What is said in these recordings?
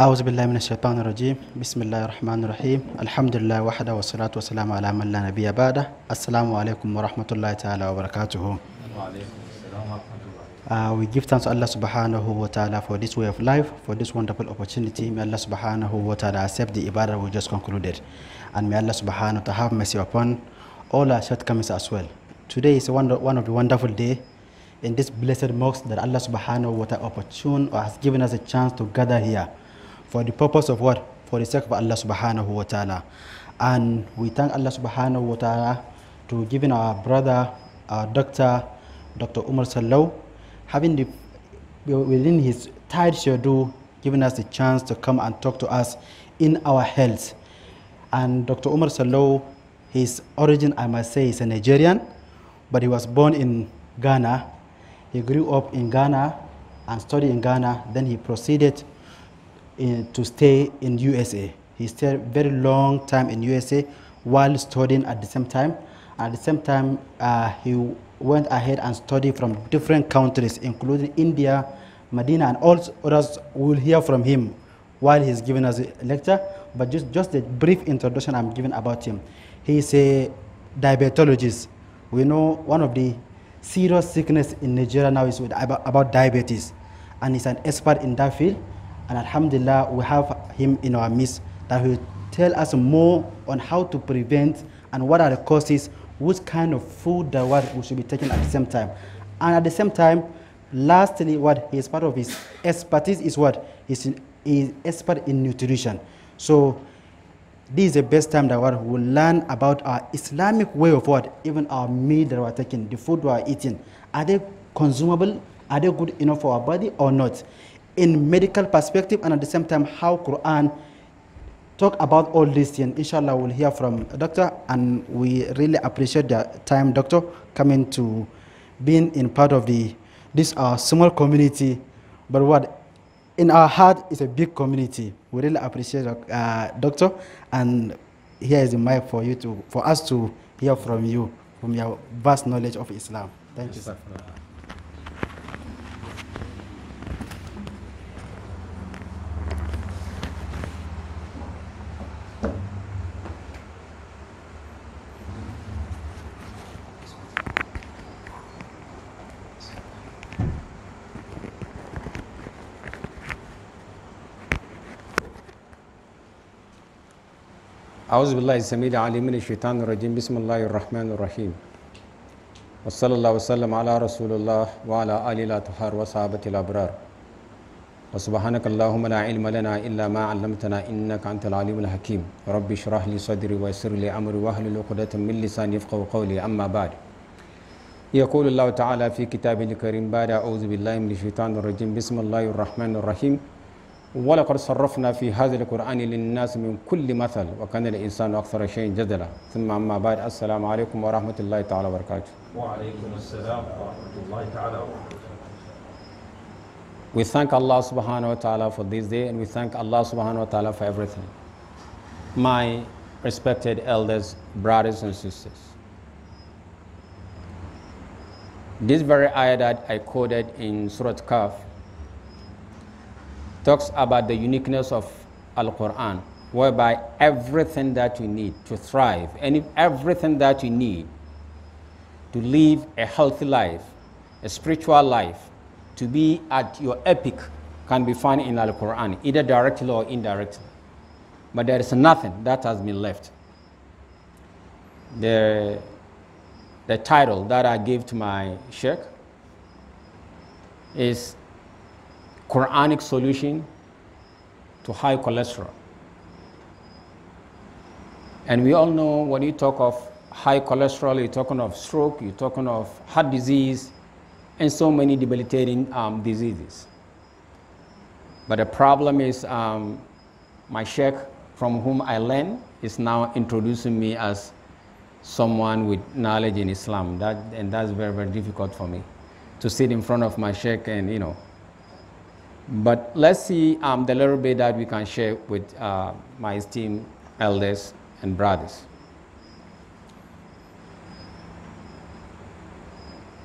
أعوذ بالله من الشيطان الرجيم بسم الله الرحمن الرحيم الحمد لله وحده والصلاة والسلام على من لا نبي بعده السلام عليكم ورحمة الله تعالى وبركاته Uh, we give thanks to Allah subhanahu wa ta'ala for this way of life, for this wonderful opportunity. May Allah subhanahu wa ta'ala accept the ibadah we just concluded. And may Allah subhanahu wa ta'ala have mercy upon all our shortcomings as well. Today is one, one of the wonderful day in this blessed mosque that Allah subhanahu wa ta'ala opportune or has given us a chance to gather here. for the purpose of what? For the sake of Allah subhanahu wa ta'ala. And we thank Allah subhanahu wa ta'ala to giving our brother, our doctor, Dr. Umar Sallow, having the, within his tight schedule, giving us the chance to come and talk to us in our health. And Dr. Umar Sallow, his origin, I must say, is a Nigerian, but he was born in Ghana. He grew up in Ghana and studied in Ghana. Then he proceeded in, to stay in USA. He stayed very long time in USA while studying at the same time. At the same time, uh, he went ahead and studied from different countries, including India, Medina, and all others. We'll hear from him while he's giving us a lecture. But just, just a brief introduction I'm giving about him. He's a diabetologist. We know one of the serious sickness in Nigeria now is with, about, about diabetes, and he's an expert in that field. And Alhamdulillah, we have him in our midst that will tell us more on how to prevent and what are the causes, which kind of food that what we should be taking at the same time. And at the same time, lastly, what he is part of his expertise is what? He's, expert in nutrition. So this is the best time that what we learn about our Islamic way of what, even our meal that we're taking, the food we're eating. Are they consumable? Are they good enough for our body or not? in medical perspective and at the same time how Quran talk about all these things. Inshallah, we'll hear from doctor, and we really appreciate the time, doctor, coming to being in part of the this uh, small community, but what in our heart is a big community. We really appreciate uh, doctor, and here is the mic for you to for us to hear from you from your vast knowledge of Islam. Thank you. أعوذ بالله السميع العليم من الشيطان الرجيم بسم الله الرحمن الرحيم وصلى الله وسلم على رسول الله وعلى آله الأطهار وصحابة الأبرار وسبحانك اللهم لا علم لنا إلا ما علمتنا إنك أنت العليم الحكيم ربي اشرح لي صدري ويسر لي أمري واحلل عقدة من لساني يفقه قولي أما بعد يقول الله تعالى في كتابه الكريم بعد أعوذ بالله من الشيطان الرجيم بسم الله الرحمن الرحيم ولقد صرفنا في هذا القرآن للناس من كل مثل وكان الإنسان أكثر شيء جدلا ثم أما بعد السلام عليكم ورحمة الله تعالى وبركاته وعليكم السلام ورحمة الله تعالى وبركاته We thank Allah subhanahu wa ta'ala for this day and we thank Allah subhanahu wa ta'ala for everything. My respected elders, brothers and sisters. This very ayah that I quoted in Surah Kaf talks about the uniqueness of Al Quran, whereby everything that you need to thrive and everything that you need to live a healthy life, a spiritual life, to be at your epic can be found in Al Quran, either directly or indirectly. But there is nothing that has been left. The, the title that I gave to my sheikh is Quranic solution to high cholesterol. And we all know when you talk of high cholesterol, you're talking of stroke, you're talking of heart disease, and so many debilitating um, diseases. But the problem is um, my sheikh from whom I learned is now introducing me as someone with knowledge in Islam. That, and that's very, very difficult for me to sit in front of my sheikh and, you know, but let's see um, the little bit that we can share with uh, my esteemed elders and brothers.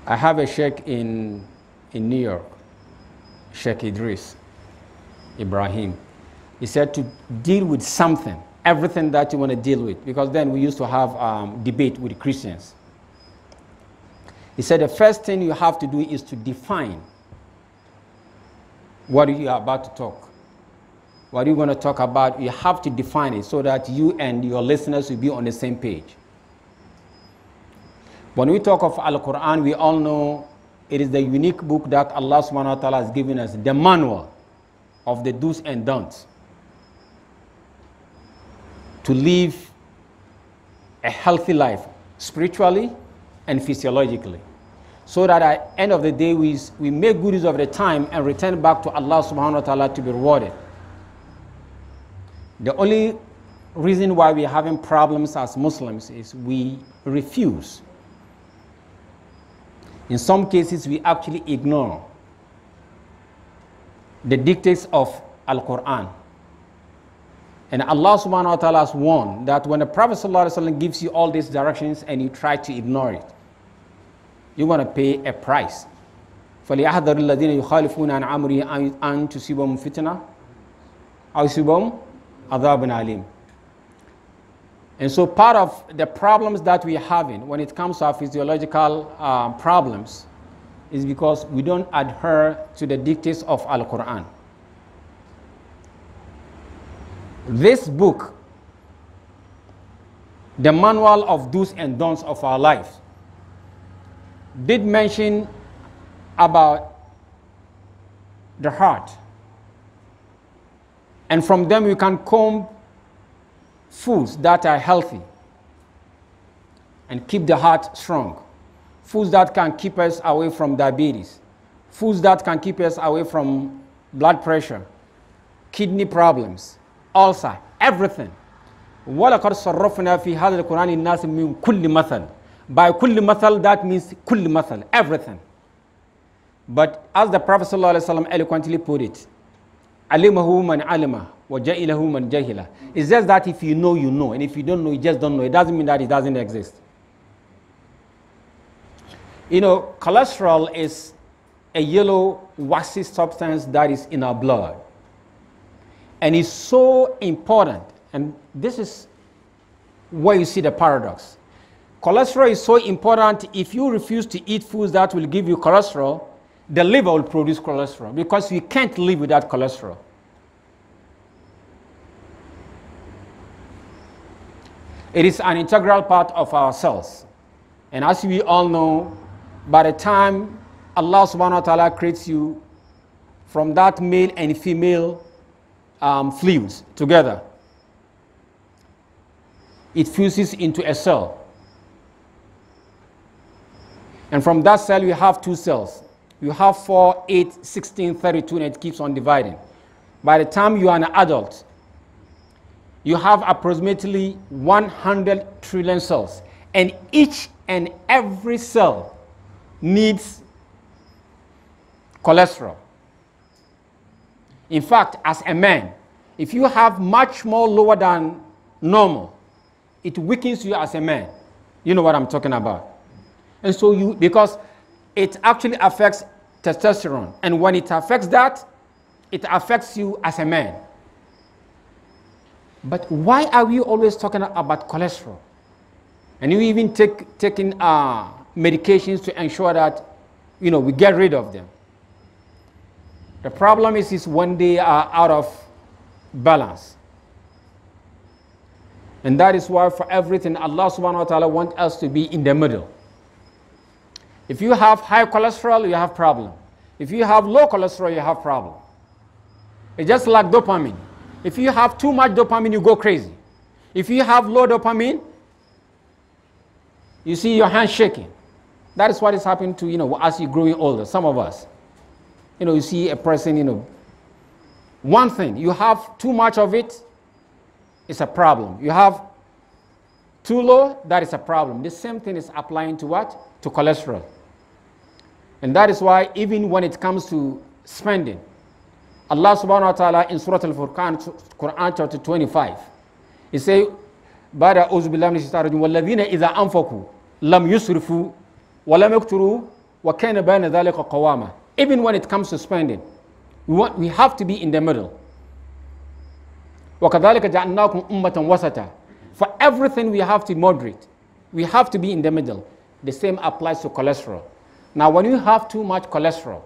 I have a sheikh in, in New York, Sheikh Idris Ibrahim. He said to deal with something, everything that you want to deal with, because then we used to have um, debate with Christians. He said the first thing you have to do is to define what you are about to talk. What you're going to talk about, you have to define it so that you and your listeners will be on the same page. When we talk of Al Quran, we all know it is the unique book that Allah subhanahu wa ta'ala has given us, the manual of the do's and don'ts to live a healthy life spiritually and physiologically so that at end of the day we, we make good use of the time and return back to Allah subhanahu wa ta'ala to be rewarded. The only reason why we're having problems as Muslims is we refuse. In some cases, we actually ignore the dictates of Al-Quran. And Allah subhanahu wa ta'ala has warned that when the Prophet gives you all these directions and you try to ignore it, you're going to pay a price. فليحذر الذين يخالفون عن أن تصيبهم فتنة أو يصيبهم عذاب And so part of the problems that we are having when it comes to our physiological uh, problems is because we don't adhere to the dictates of Al-Quran. This book, the manual of do's and don'ts of our lives did mention about the heart. And from them, you can comb foods that are healthy and keep the heart strong. Foods that can keep us away from diabetes. Foods that can keep us away from blood pressure, kidney problems, ulcer, everything. ولقد صرفنا في هذا القرآن الناس من كل مثل by kulli masal, that means kulli masal, everything. But as the Prophet ﷺ eloquently put it, alimahu man alima wa ja'ilahu man jahila. It's just that if you know, you know. And if you don't know, you just don't know. It doesn't mean that it doesn't exist. You know, cholesterol is a yellow waxy substance that is in our blood. And it's so important. And this is where you see the paradox. Cholesterol is so important. If you refuse to eat foods that will give you cholesterol, the liver will produce cholesterol because you can't live without cholesterol. It is an integral part of our cells. And as we all know, by the time Allah subhanahu wa ta'ala creates you from that male and female um, fluids together, it fuses into a cell. And from that cell, you have two cells. You have 4, 8, 16, 32, and it keeps on dividing. By the time you are an adult, you have approximately 100 trillion cells. And each and every cell needs cholesterol. In fact, as a man, if you have much more lower than normal, it weakens you as a man. You know what I'm talking about. And so you, because it actually affects testosterone. And when it affects that, it affects you as a man. But why are we always talking about cholesterol? And you even take taking uh, medications to ensure that you know we get rid of them. The problem is, is when they are out of balance. And that is why for everything Allah subhanahu wa ta'ala wants us to be in the middle. If you have high cholesterol, you have problem. If you have low cholesterol, you have problem. It's just like dopamine. If you have too much dopamine, you go crazy. If you have low dopamine, you see your hands shaking. That is what is happening to, you know, as you're growing older, some of us. You know, you see a person, you know, one thing, you have too much of it, it's a problem. You have too low, that is a problem. The same thing is applying to what? To cholesterol. And that is why, even when it comes to spending, Allah subhanahu wa ta'ala in Surah Al Furqan, Quran chapter 25, He says, بعد أعوذ بالله من الشيطان الرجيم والذين إذا أنفقوا لم يسرفوا ولم يقتروا بين ذلك قواما even when it comes to spending we, want, we have to be in the middle وكذلك جعلناكم أمة وسطا for everything we have to moderate we have to be in the middle the same applies to cholesterol now, when you have too much cholesterol,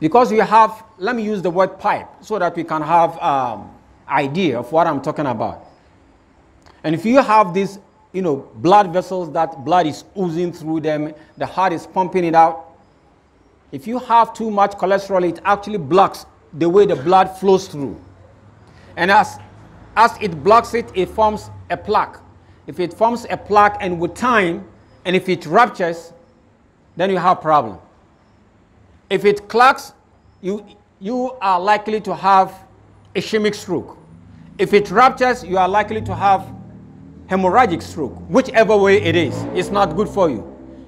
because you have, let me use the word pipe so that we can have um, idea of what I'm talking about. And if you have these, you know, blood vessels that blood is oozing through them, the heart is pumping it out. If you have too much cholesterol, it actually blocks the way the blood flows through. And as, as it blocks it, it forms a plaque. If it forms a plaque and with time, and if it ruptures, then you have problem. If it clocks, you, you are likely to have ischemic stroke. If it ruptures, you are likely to have hemorrhagic stroke. Whichever way it is, it's not good for you.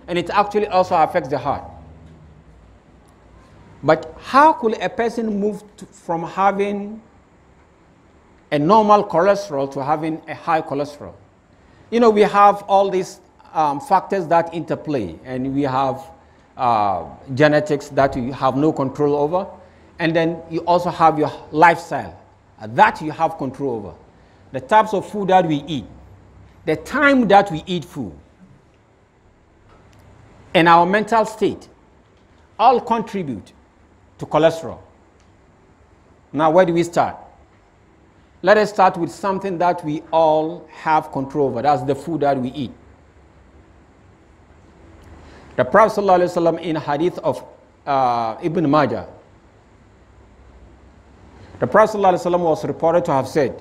And it actually also affects the heart. But how could a person move to, from having a normal cholesterol to having a high cholesterol? You know, we have all these um, factors that interplay, and we have uh, genetics that you have no control over, and then you also have your lifestyle that you have control over. The types of food that we eat, the time that we eat food, and our mental state all contribute to cholesterol. Now, where do we start? Let us start with something that we all have control over. That's the food that we eat. The Prophet ﷺ in hadith of uh, Ibn Majah, the Prophet ﷺ was reported to have said,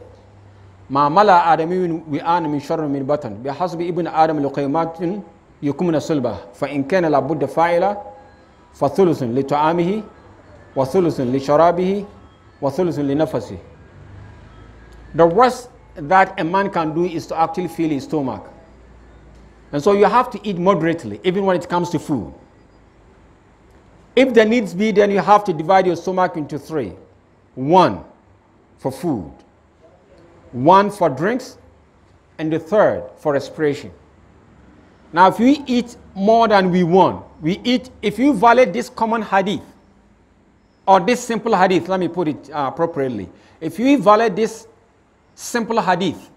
ما ملا آدمي وآن من شر من بطن بحسب ابن آدم لقيمات يكمن صلبه فإن كان لابد فاعلا فثلث لطعامه وثلث لشرابه li لنفسه The worst that a man can do is to actually fill his stomach. And so you have to eat moderately, even when it comes to food. If there needs be, then you have to divide your stomach into three. One for food, one for drinks, and the third for respiration. Now, if we eat more than we want, we eat, if you violate this common hadith, or this simple hadith, let me put it uh, appropriately. If you violate this simple hadith,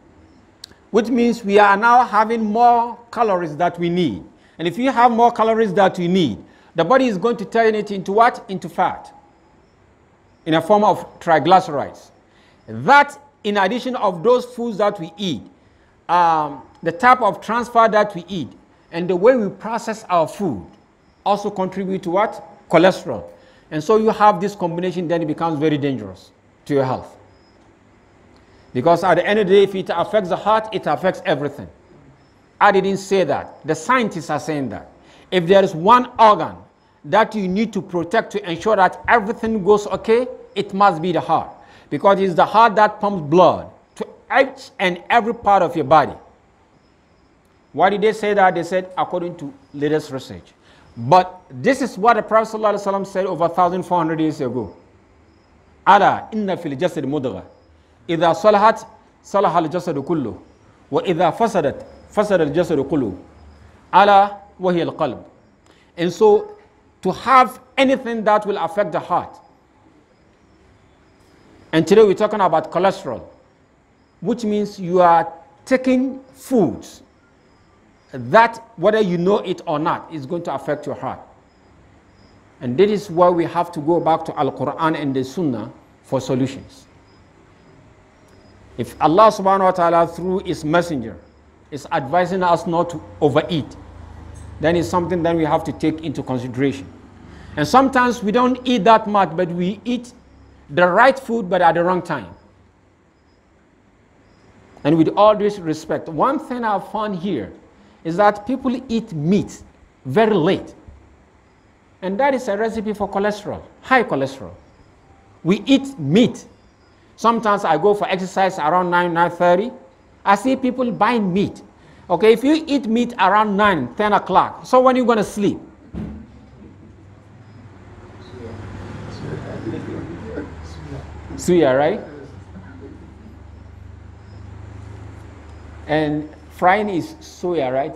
which means we are now having more calories that we need. And if you have more calories that you need, the body is going to turn it into what? Into fat in a form of triglycerides. That, in addition of those foods that we eat, um, the type of transfer that we eat, and the way we process our food also contribute to what? Cholesterol. And so you have this combination, then it becomes very dangerous to your health. Because at the end of the day, if it affects the heart, it affects everything. I didn't say that. The scientists are saying that. If there is one organ that you need to protect to ensure that everything goes okay, it must be the heart. Because it's the heart that pumps blood to each and every part of your body. Why did they say that? They said, according to latest research. But this is what the Prophet ﷺ said over 1,400 years ago. Allah, inna fil jasad mudghah. إذا صلحت صلح الجسد كله وإذا فسدت فسد الجسد كله على وهي القلب and so to have anything that will affect the heart and today we're talking about cholesterol which means you are taking foods that whether you know it or not is going to affect your heart and that is why we have to go back to al-quran and the sunnah for solutions if Allah subhanahu wa ta'ala through his messenger is advising us not to overeat, then it's something that we have to take into consideration. And sometimes we don't eat that much, but we eat the right food but at the wrong time. And with all due respect, one thing i have found here is that people eat meat very late. And that is a recipe for cholesterol, high cholesterol. We eat meat Sometimes I go for exercise around 9, 9.30. I see people buying meat. Okay, if you eat meat around 9, 10 o'clock, so when are you going to sleep? Suya, right? And frying is soya, right?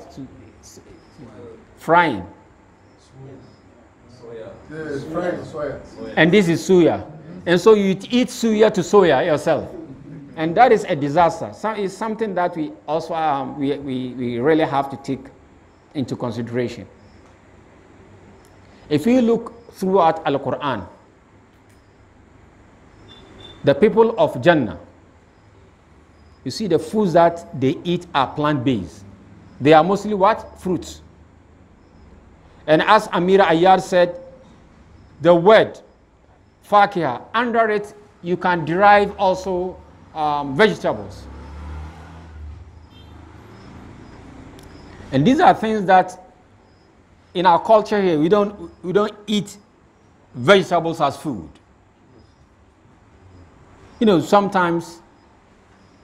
Frying. Soya. And this is suya. And so you eat suya to soya yourself. And that is a disaster. So it's something that we also um, we, we, we really have to take into consideration. If you look throughout Al Quran, the people of Jannah, you see the foods that they eat are plant based. They are mostly what? Fruits. And as Amira Ayar said, the word fakia. Under it, you can derive also um, vegetables. And these are things that in our culture here, we don't, we don't eat vegetables as food. You know, sometimes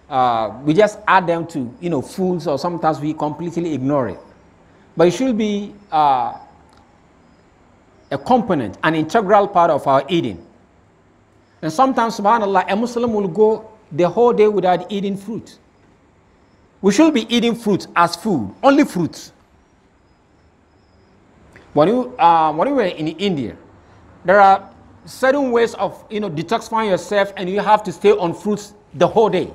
uh, we just add them to, you know, foods or sometimes we completely ignore it. But it should be uh, a component, an integral part of our eating. And sometimes, subhanAllah, a Muslim will go the whole day without eating fruit. We should be eating fruit as food, only fruit. When you, uh, when you were in India, there are certain ways of you know, detoxifying yourself and you have to stay on fruits the whole day.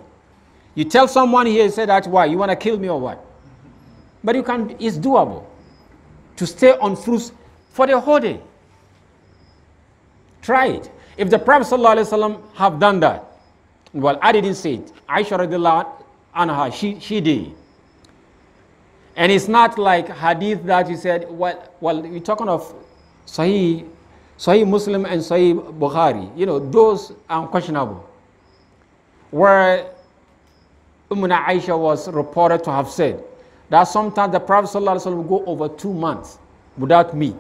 You tell someone here, you say that, why, you want to kill me or what? But you can, it's doable to stay on fruits for the whole day. Try it. If the Prophet ﷺ have done that, well, I didn't say it. Aisha radiallahu anha, she, she did. And it's not like hadith that you said, well, well you're talking of Sahih, Sahih Muslim and Sahih Bukhari. You know, those are unquestionable. Where Ummuna Aisha was reported to have said that sometimes the Prophet ﷺ would go over two months without meat.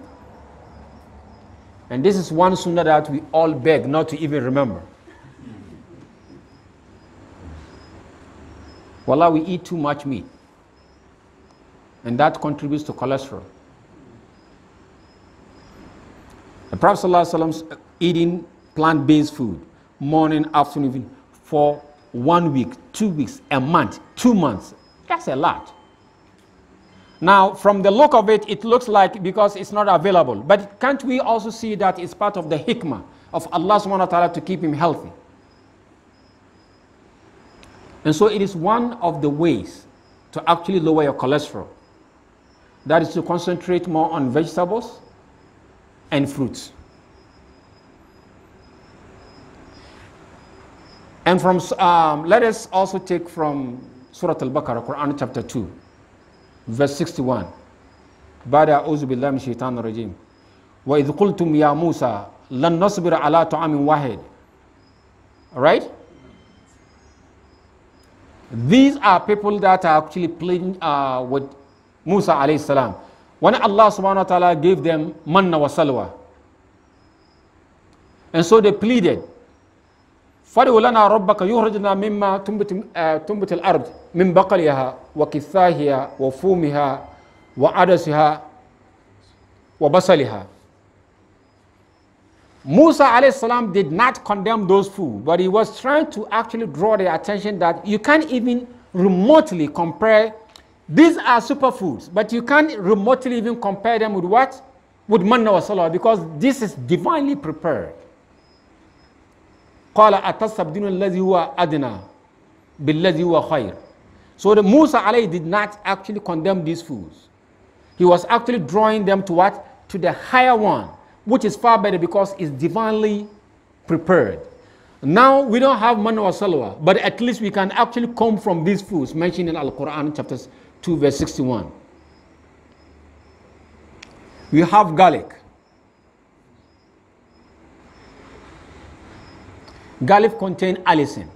And this is one sunnah that we all beg not to even remember. Wallah, we eat too much meat. And that contributes to cholesterol. The Prophet ﷺ eating plant-based food, morning, afternoon, evening, for one week, two weeks, a month, two months. That's a lot. Now, from the look of it, it looks like because it's not available. But can't we also see that it's part of the hikmah of Allah subhanahu wa ta'ala to keep him healthy? And so it is one of the ways to actually lower your cholesterol. That is to concentrate more on vegetables and fruits. And from, um, let us also take from Surah Al-Baqarah, Quran chapter 2 verse 61 بعد أعوذ بالله من "Ya Musa, وإذ قلتم يا موسى لن نصبر على طعام واحد right these are people that are actually playing uh, with Musa alayhi salam when Allah subhanahu wa ta'ala gave them manna wa salwa and so they pleaded فادعوا لنا ربك يخرجنا مما تنبت تنبت الارض من بقلها وكثاها وفومها وعدسها وبصلها Musa alayhi did not condemn those fools, but he was trying to actually draw their attention that you can't even remotely compare. These are superfoods, but you can't remotely even compare them with what? With manna or salah, because this is divinely prepared. قال أتستبدلون الذي هو أدنى بالذي هو خير so the Musa عليه did not actually condemn these fools he was actually drawing them to what to the higher one which is far better because it's divinely prepared now we don't have man or salwa but at least we can actually come from these fools mentioned in al-quran chapters 2 verse 61 we have garlic Garlic contains allicin,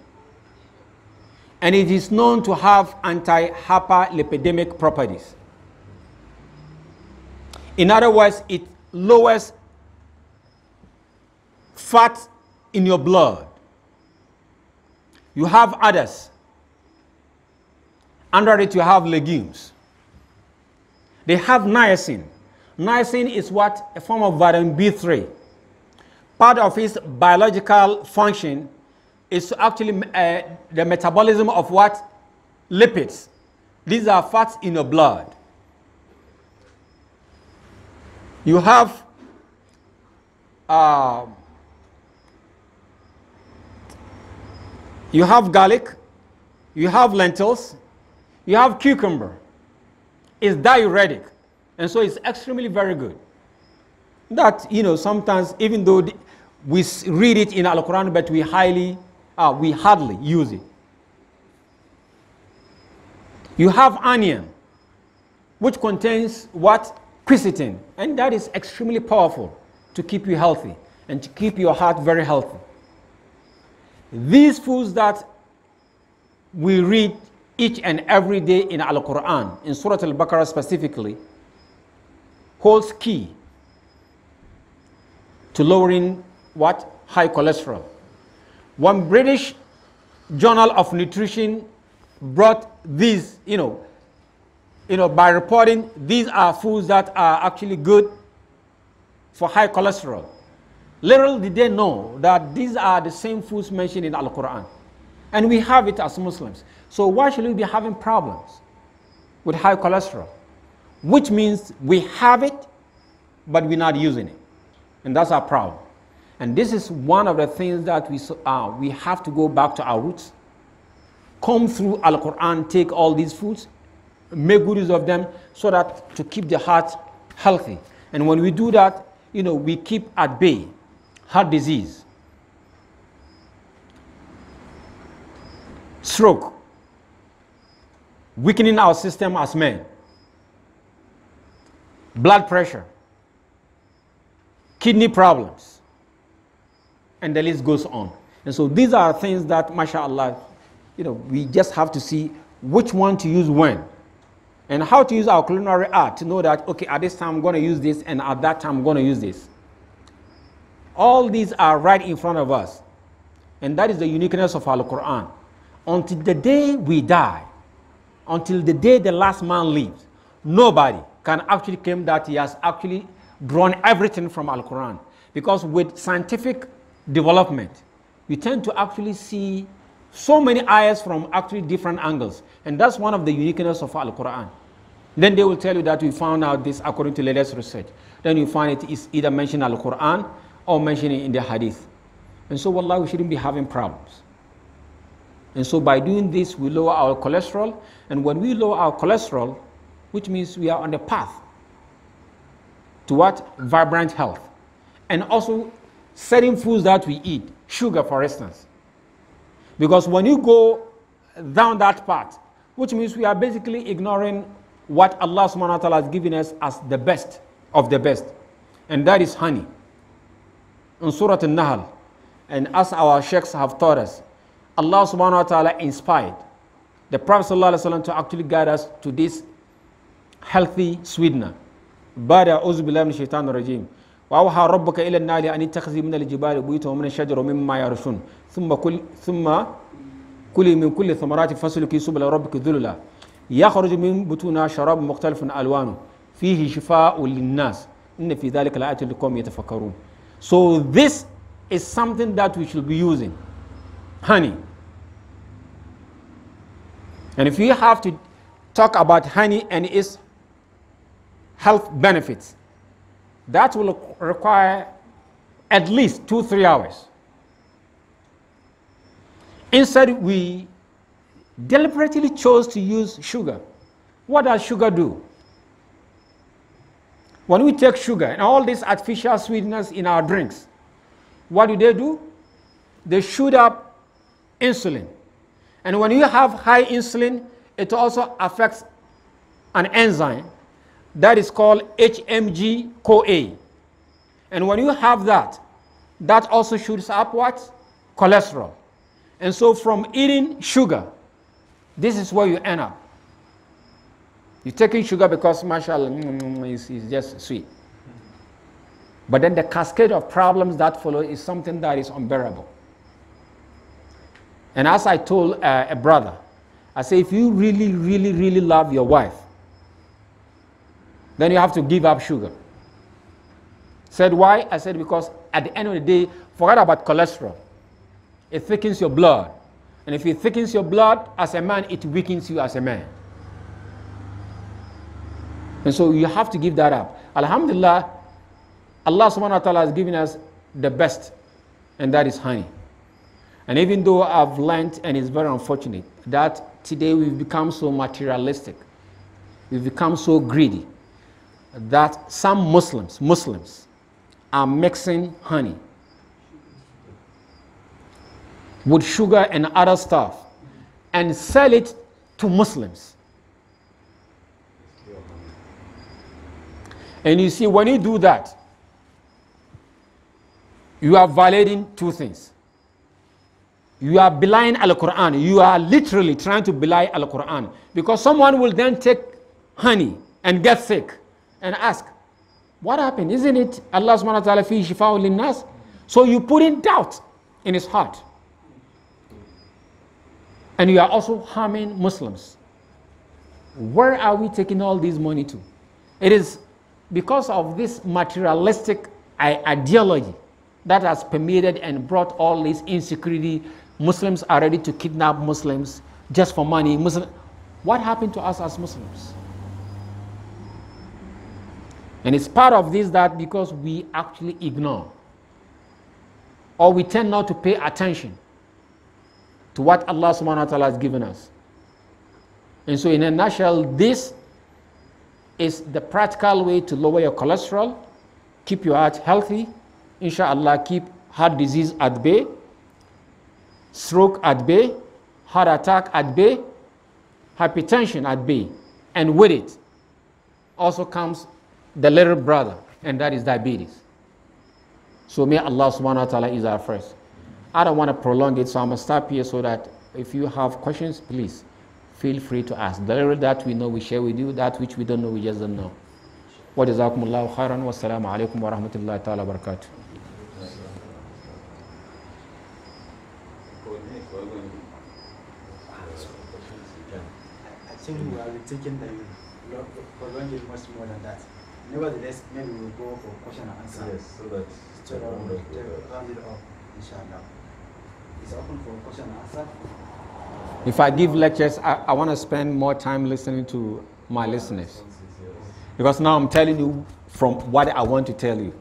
and it is known to have anti-hyperlipidemic properties. In other words, it lowers fat in your blood. You have others. Under it, you have legumes. They have niacin. Niacin is what? A form of vitamin B3 part of its biological function is actually uh, the metabolism of what? Lipids. These are fats in your blood. You have uh, you have garlic, you have lentils, you have cucumber. It's diuretic, and so it's extremely very good. That, you know, sometimes even though we read it in Al Quran, but we highly, uh, we hardly use it. You have onion, which contains what quercetin, and that is extremely powerful to keep you healthy and to keep your heart very healthy. These foods that we read each and every day in Al Quran, in Surah Al Baqarah specifically, holds key to lowering what? High cholesterol. One British Journal of Nutrition brought these, you know, you know, by reporting these are foods that are actually good for high cholesterol. Little did they know that these are the same foods mentioned in Al-Quran. And we have it as Muslims. So why should we be having problems with high cholesterol? Which means we have it, but we're not using it. And that's our problem. And this is one of the things that we, uh, we have to go back to our roots. Come through Al Quran, take all these foods, make good use of them so that to keep the heart healthy. And when we do that, you know, we keep at bay heart disease, stroke, weakening our system as men, blood pressure, kidney problems and the list goes on. And so these are things that, mashallah, you know, we just have to see which one to use when and how to use our culinary art to know that, okay, at this time I'm going to use this and at that time I'm going to use this. All these are right in front of us. And that is the uniqueness of Al Quran. Until the day we die, until the day the last man leaves, nobody can actually claim that he has actually drawn everything from Al Quran. Because with scientific development, you tend to actually see so many ayahs from actually different angles. And that's one of the uniqueness of Al Quran. Then they will tell you that we found out this according to latest research. Then you find it is either mentioned Al Quran or mentioned in the Hadith. And so, wallah, we shouldn't be having problems. And so, by doing this, we lower our cholesterol. And when we lower our cholesterol, which means we are on the path to what? Vibrant health. And also, certain foods that we eat, sugar for instance. Because when you go down that path, which means we are basically ignoring what Allah subhanahu wa ta'ala has given us as the best of the best. And that is honey. In Surah An-Nahl, and as our sheikhs have taught us, Allah subhanahu wa ta'ala inspired the Prophet ﷺ to actually guide us to this healthy sweetener. Bada uzbillah min shaitan rajim. وأوحى ربك إلى النار أن اتخذي من الجبال بيوتا ومن الشجر ومما يرسون ثم كل ثم كلي من كل ثمرات فسلكي سبل ربك ذللا يخرج من بطونها شراب مختلف ألوانه فيه شفاء للناس إن في ذلك لآية لقوم يتفكرون So this is something that we should be using honey and if you have to talk about honey and its health benefits that will require at least two, three hours. Instead, we deliberately chose to use sugar. What does sugar do? When we take sugar and all this artificial sweetness in our drinks, what do they do? They shoot up insulin. And when you have high insulin, it also affects an enzyme that is called HMG CoA. And when you have that, that also shoots up what? Cholesterol. And so from eating sugar, this is where you end up. You're taking sugar because mashallah mm, mm, mm, is, is just sweet. But then the cascade of problems that follow is something that is unbearable. And as I told uh, a brother, I say, if you really, really, really love your wife, then you have to give up sugar. Said why? I said because at the end of the day, forget about cholesterol. It thickens your blood. And if it thickens your blood as a man, it weakens you as a man. And so you have to give that up. Alhamdulillah, Allah subhanahu wa ta'ala has given us the best, and that is honey. And even though I've learned, and it's very unfortunate, that today we've become so materialistic, we've become so greedy that some Muslims, Muslims, are mixing honey with sugar and other stuff and sell it to Muslims. And you see, when you do that, you are violating two things. You are belying Al Quran. You are literally trying to belie Al Quran because someone will then take honey and get sick and ask, what happened? Isn't it Allah subhanahu wa ta'ala fi shifa'u linnas? So you put in doubt in his heart. And you are also harming Muslims. Where are we taking all this money to? It is because of this materialistic ideology that has permeated and brought all this insecurity. Muslims are ready to kidnap Muslims just for money. Muslim, what happened to us as Muslims? And it's part of this that because we actually ignore or we tend not to pay attention to what Allah subhanahu wa ta'ala has given us. And so, in a nutshell, this is the practical way to lower your cholesterol, keep your heart healthy, inshallah, keep heart disease at bay, stroke at bay, heart attack at bay, hypertension at bay. And with it also comes the little brother, and that is diabetes. So may Allah subhanahu wa ta'ala is our first. I don't want to prolong it, so I'm going to stop here so that if you have questions, please feel free to ask. The little that we know, we share with you. That which we don't know, we just don't know. وجزاكم الله خيرا والسلام عليكم ورحمة الله تعالى وبركاته I think we are taking the prolonging much more than that. Nevertheless, maybe we'll go for question and answer. Yes, so that so um, that we'll round it up, inshallah. It's open for question and answer. If I give lectures, I, I want to spend more time listening to my listeners. Because now I'm telling you from what I want to tell you.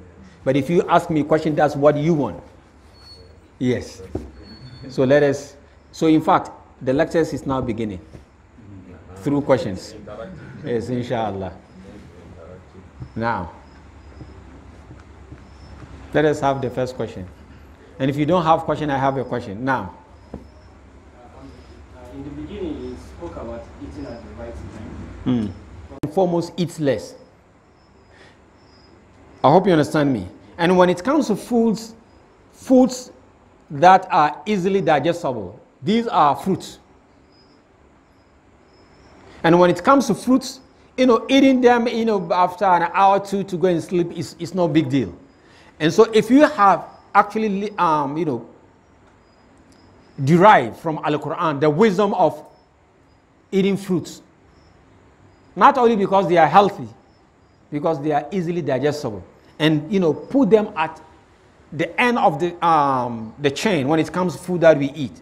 But if you ask me a question, that's what you want. Yes. So let us, so in fact, the lectures is now beginning through questions. Yes, inshallah. Now, let us have the first question. And if you don't have question, I have a question. Now. Uh, in the beginning, you spoke about eating at the right time. Mm. Foremost, eat less. I hope you understand me. And when it comes to foods, foods that are easily digestible, these are fruits. And when it comes to fruits you know, eating them, you know, after an hour or two to go and sleep is, is no big deal. And so if you have actually, um, you know, derived from Al-Quran the wisdom of eating fruits, not only because they are healthy, because they are easily digestible, and, you know, put them at the end of the, um, the chain when it comes to food that we eat,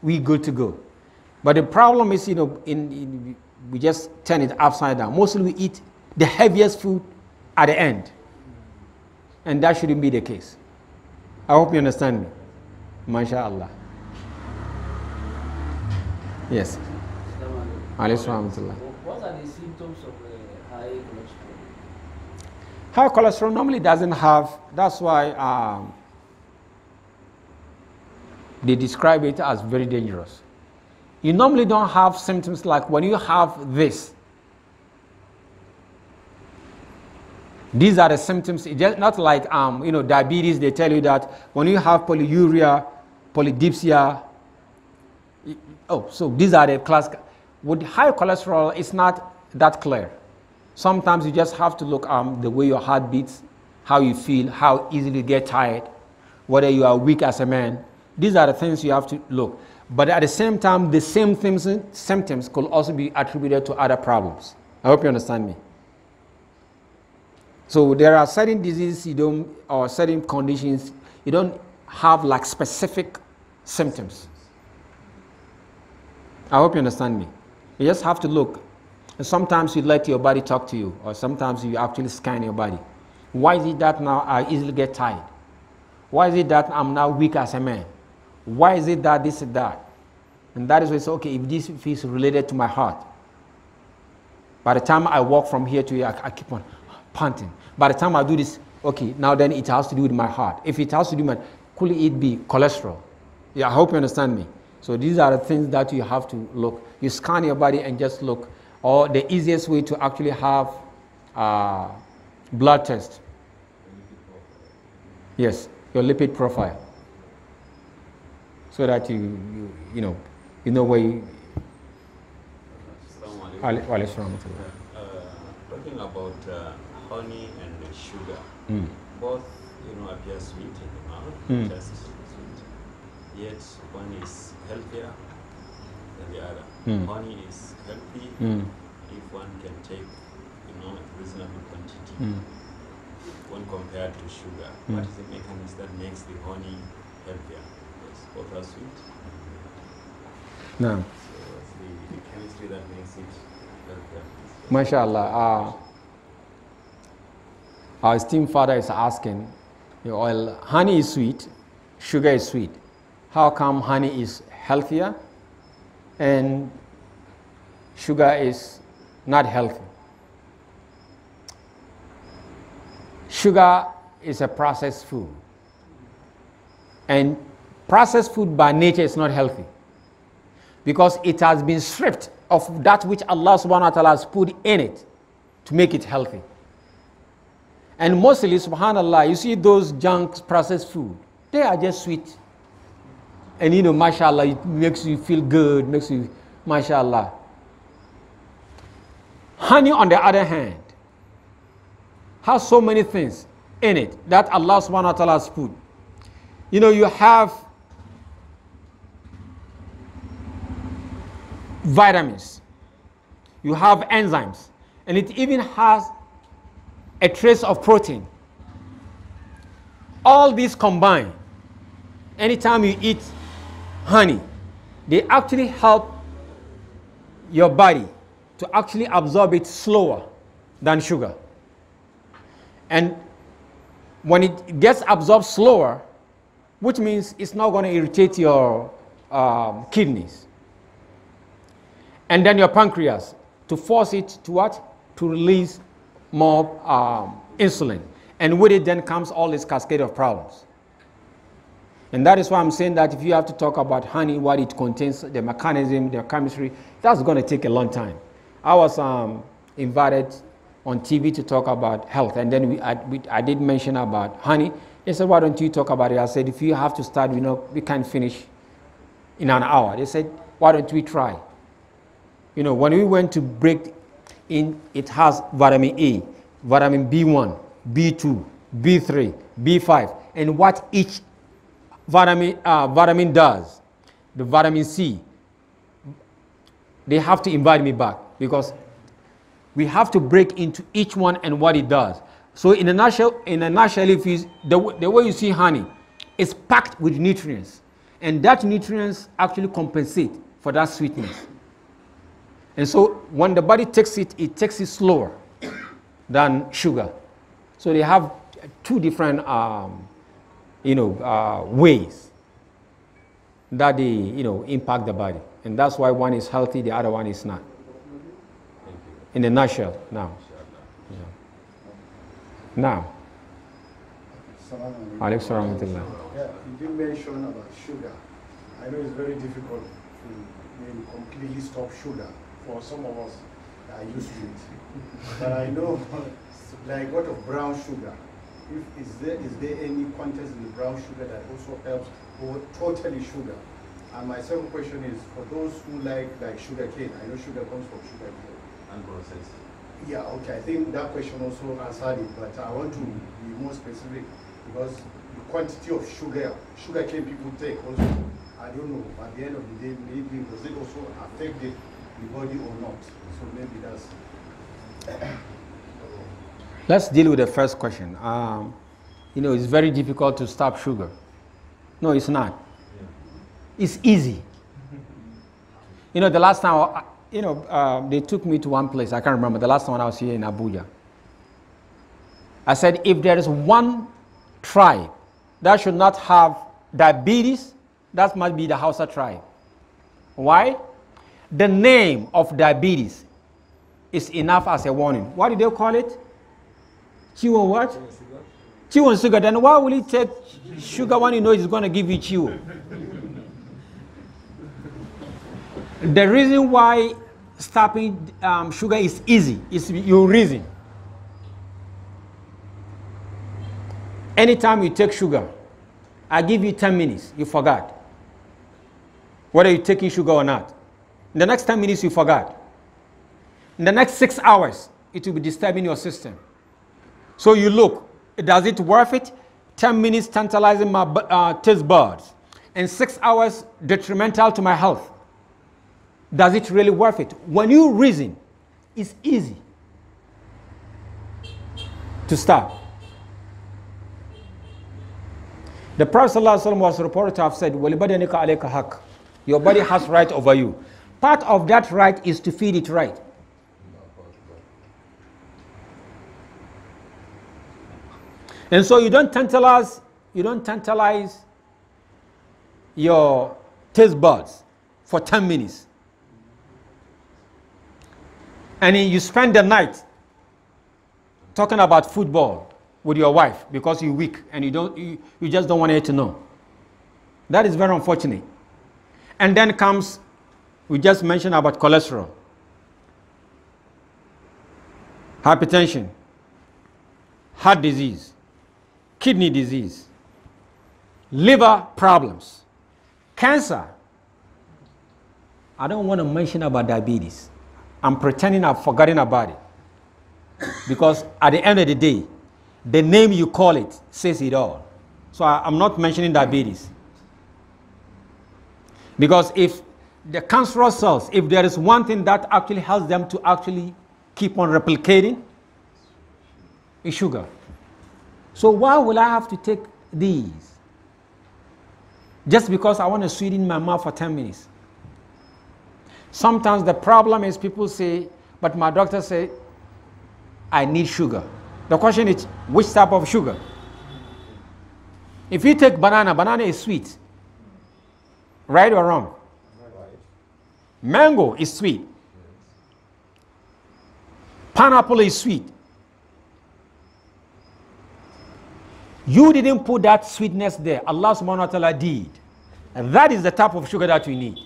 we good to go. But the problem is, you know, in, in we just turn it upside down. Mostly we eat the heaviest food at the end. And that shouldn't be the case. I hope you understand me. MashaAllah. Yes. What are the symptoms of uh, high cholesterol? High cholesterol normally doesn't have, that's why um, they describe it as very dangerous you normally don't have symptoms like when you have this. These are the symptoms. It's just not like um, you know diabetes. They tell you that when you have polyuria, polydipsia. Oh, so these are the class. With high cholesterol, it's not that clear. Sometimes you just have to look um, the way your heart beats, how you feel, how easily you get tired, whether you are weak as a man. These are the things you have to look. But at the same time, the same things, symptoms could also be attributed to other problems. I hope you understand me. So there are certain diseases you don't, or certain conditions you don't have like specific symptoms. I hope you understand me. You just have to look. And sometimes you let your body talk to you, or sometimes you actually scan your body. Why is it that now I easily get tired? Why is it that I'm now weak as a man? Why is it that this is that? And that is why it's okay if this is related to my heart. By the time I walk from here to here, I, I keep on panting. By the time I do this, okay, now then it has to do with my heart. If it has to do with my, could it be cholesterol? Yeah, I hope you understand me. So these are the things that you have to look. You scan your body and just look. Or the easiest way to actually have a uh, blood test. Yes, your lipid profile so that you, you, you know, you know way. uh, Talking about uh, honey and sugar, mm. both, you know, appear sweet in the mouth, mm. just sweet. Yet one is healthier than the other. Mm. Honey is healthy hmm. if one can take, you know, reasonable quantity hmm. when compared to sugar. Hmm. What is the mechanism that makes the honey healthier? No. So the, the, chemistry that makes it perfect. MashaAllah. Uh, our esteemed father is asking, you know, well, honey is sweet, sugar is sweet. How come honey is healthier and sugar is not healthy? Sugar is a processed food and Processed food by nature is not healthy because it has been stripped of that which Allah subhanahu wa ta'ala has put in it to make it healthy. And mostly, subhanAllah, you see those junk processed food, they are just sweet. And you know, mashallah, it makes you feel good, makes you, mashallah. Honey, on the other hand, has so many things in it that Allah subhanahu wa ta'ala has put. You know, you have vitamins, you have enzymes, and it even has a trace of protein. All these combined, anytime you eat honey, they actually help your body to actually absorb it slower than sugar. And when it gets absorbed slower, which means it's not going to irritate your um, kidneys and then your pancreas to force it to what? To release more um, insulin. And with it then comes all this cascade of problems. And that is why I'm saying that if you have to talk about honey, what it contains, the mechanism, the chemistry, that's going to take a long time. I was um, invited on TV to talk about health, and then we, I, we, I, did mention about honey. They said, "Why don't you talk about it?" I said, "If you have to start, you know, we can't finish in an hour." They said, "Why don't we try?" You know, when we went to break in, it has vitamin A, vitamin B1, B2, B3, B5, and what each vitamin, uh, vitamin does, the vitamin C, they have to invite me back because we have to break into each one and what it does. So in a nutshell, in a nutshell if you, the, the way you see honey, it's packed with nutrients. And that nutrients actually compensate for that sweetness. And so when the body takes it, it takes it slower than sugar. So they have two different, um, you know, uh, ways that they, you know, impact the body. And that's why one is healthy, the other one is not. In a nutshell, now. Yeah. Now. Alex Rahmatullah. Yeah, you did mention about sugar. I know it's very difficult to completely stop sugar for some of us are used to it. but I know, like what of brown sugar? If is there is there any contest in the brown sugar that also helps or totally sugar? And my second question is for those who like like sugar cane. I know sugar comes from sugar cane and processed. Yeah, okay. I think that question also answered it, but I want to be more specific because the quantity of sugar sugar cane people take also. I don't know. At the end of the day, maybe does it also affect the body or not. So maybe that's. Let's deal with the first question. Um, you know, it's very difficult to stop sugar. No, it's not. Yeah. It's easy. you know, the last time, I, uh, you know, uh, they took me to one place. I can't remember. The last time I was here in Abuja. I said, if there is one tribe that should not have diabetes, that must be the Hausa tribe. Why? The name of diabetes is enough as a warning. What do they call it? Chew on what? Chew on sugar. Then why will he take sugar when you know it's going to give you chew? the reason why stopping um, sugar is easy is your reason. Anytime you take sugar, I give you 10 minutes, you forgot whether you're taking sugar or not. In the next 10 minutes, you forgot. In the next six hours, it will be disturbing your system. So you look, does it worth it? 10 minutes tantalizing my uh, taste buds and six hours detrimental to my health. Does it really worth it? When you reason, it's easy to stop. The Prophet ﷺ was reported to have said, Your body has right over you. Part of that right is to feed it right. And so you don't tantalize, you don't tantalize your taste buds for 10 minutes. And you spend the night talking about football with your wife because you're weak and you, don't, you, you just don't want her to know. That is very unfortunate. And then comes we just mentioned about cholesterol, hypertension, heart disease, kidney disease, liver problems, cancer. I don't want to mention about diabetes. I'm pretending I've forgotten about it. Because at the end of the day, the name you call it says it all. So I, am not mentioning diabetes. Because if the cancerous cells, if there is one thing that actually helps them to actually keep on replicating, is sugar. So why will I have to take these? Just because I want to sweeten my mouth for 10 minutes. Sometimes the problem is people say, but my doctor said, I need sugar. The question is, which type of sugar? If you take banana, banana is sweet. Right or wrong? Mango is sweet. Pineapple is sweet. You didn't put that sweetness there. Allah subhanahu wa ta'ala did. And that is the type of sugar that we need.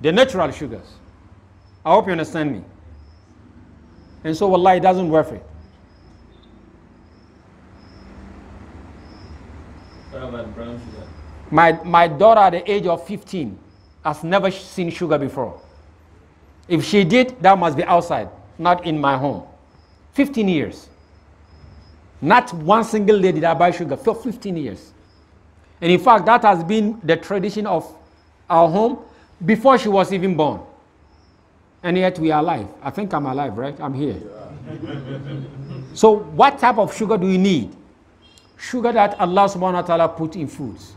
The natural sugars. I hope you understand me. And so Allah, it doesn't worth it. My, my daughter at the age of 15 has never seen sugar before. If she did, that must be outside, not in my home. 15 years. Not one single day did I buy sugar for 15 years. And in fact, that has been the tradition of our home before she was even born. And yet we are alive. I think I'm alive, right? I'm here. so, what type of sugar do you need? Sugar that Allah subhanahu wa ta'ala put in foods.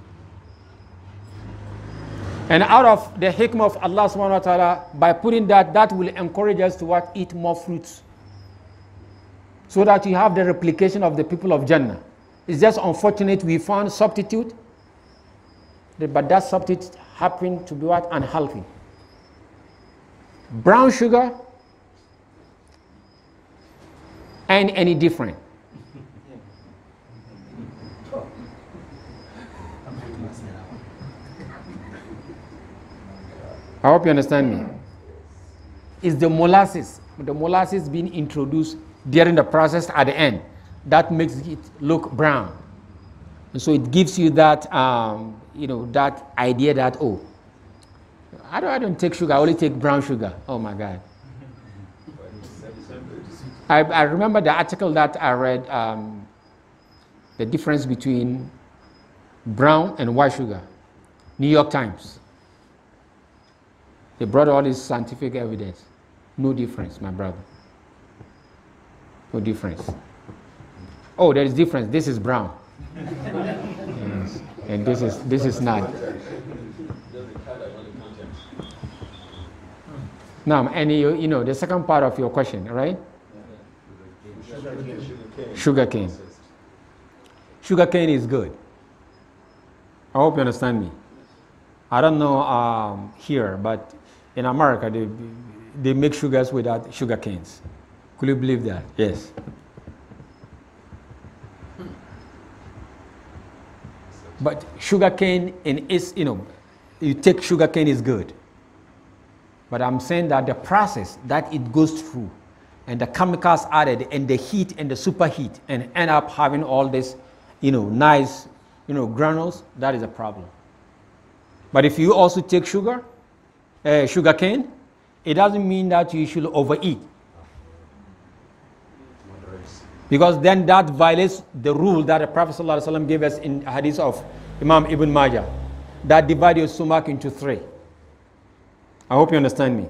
And out of the hikmah of Allah subhanahu wa ta'ala, by putting that, that will encourage us to what? Eat more fruits. So that you have the replication of the people of Jannah. It's just unfortunate we found substitute, but that substitute happened to be what? Unhealthy. Brown sugar and any different. I hope you understand me. It's the molasses, the molasses being introduced during the process at the end, that makes it look brown. And so it gives you that, um, you know, that idea that, oh, I don't, I don't take sugar, I only take brown sugar. Oh my God. I, I remember the article that I read, um, the difference between brown and white sugar, New York Times. They brought all this scientific evidence. No difference, my brother. No difference. Oh, there is difference. This is brown. yes. And this is this is not. Now, and you, you know the second part of your question, right? Sugar cane. Sugar cane is good. I hope you understand me. I don't know um, here, but in America, they, they make sugars without sugar canes. Could you believe that? Yes. But sugar cane in its, you know, you take sugar cane is good. But I'm saying that the process that it goes through and the chemicals added and the heat and the superheat and end up having all this, you know, nice, you know, granules, that is a problem. But if you also take sugar, uh, sugarcane, it doesn't mean that you should overeat. Because then that violates the rule that the Prophet ﷺ gave us in hadith of Imam Ibn Majah that divide your sumac into three. I hope you understand me.